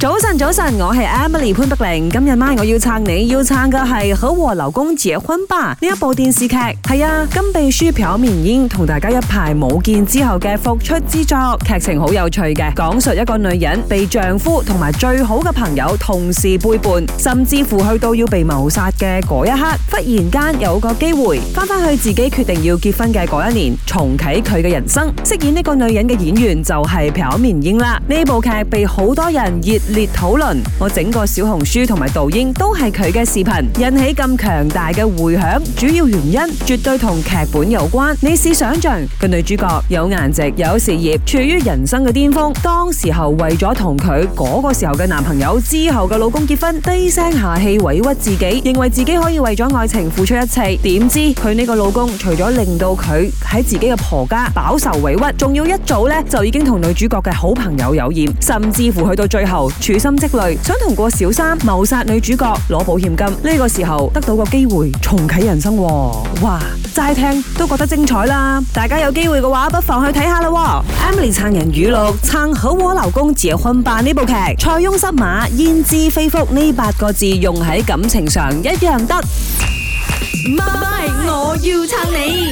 早晨，早晨，我係 Emily 潘碧玲。今日晚我要撐你，要撐嘅係《和我老公結婚吧》呢一部電視劇。係啊，金秘書朴敏英同大家一排冇見之後嘅復出之作，劇情好有趣嘅，講述一個女人被丈夫同埋最好嘅朋友同時背叛，甚至乎去到要被謀殺嘅嗰一刻，忽然間有個機會翻翻去自己決定要結婚嘅嗰一年，重啟佢嘅人生。飾演呢個女人嘅演員就係朴敏英啦。呢部劇被好多人熱。列討論，我整個小紅書同埋抖音都係佢嘅視頻引起咁強大嘅回響，主要原因絕對同劇本有關。你試想象，個女主角有顏值、有事業，處於人生嘅巔峰，當時候為咗同佢嗰個時候嘅男朋友之後嘅老公結婚，低聲下氣、委屈自己，認為自己可以為咗愛情付出一切。點知佢呢個老公除咗令到佢喺自己嘅婆家飽受委屈，仲要一早呢就已經同女主角嘅好朋友有染，甚至乎去到最後。處心積慮，想同個小三謀殺女主角攞保險金，呢個時候得到個機會重啟人生。哦。哇，齋聽都覺得精彩啦！大家有機會嘅話，不妨去睇下啦。 Emily 撐人語錄，撐和我老公結婚吧呢部劇， 塞翁失馬焉知非福呢八個字用喺感情上一樣得。MY，Bye, Bye. 我要撐你。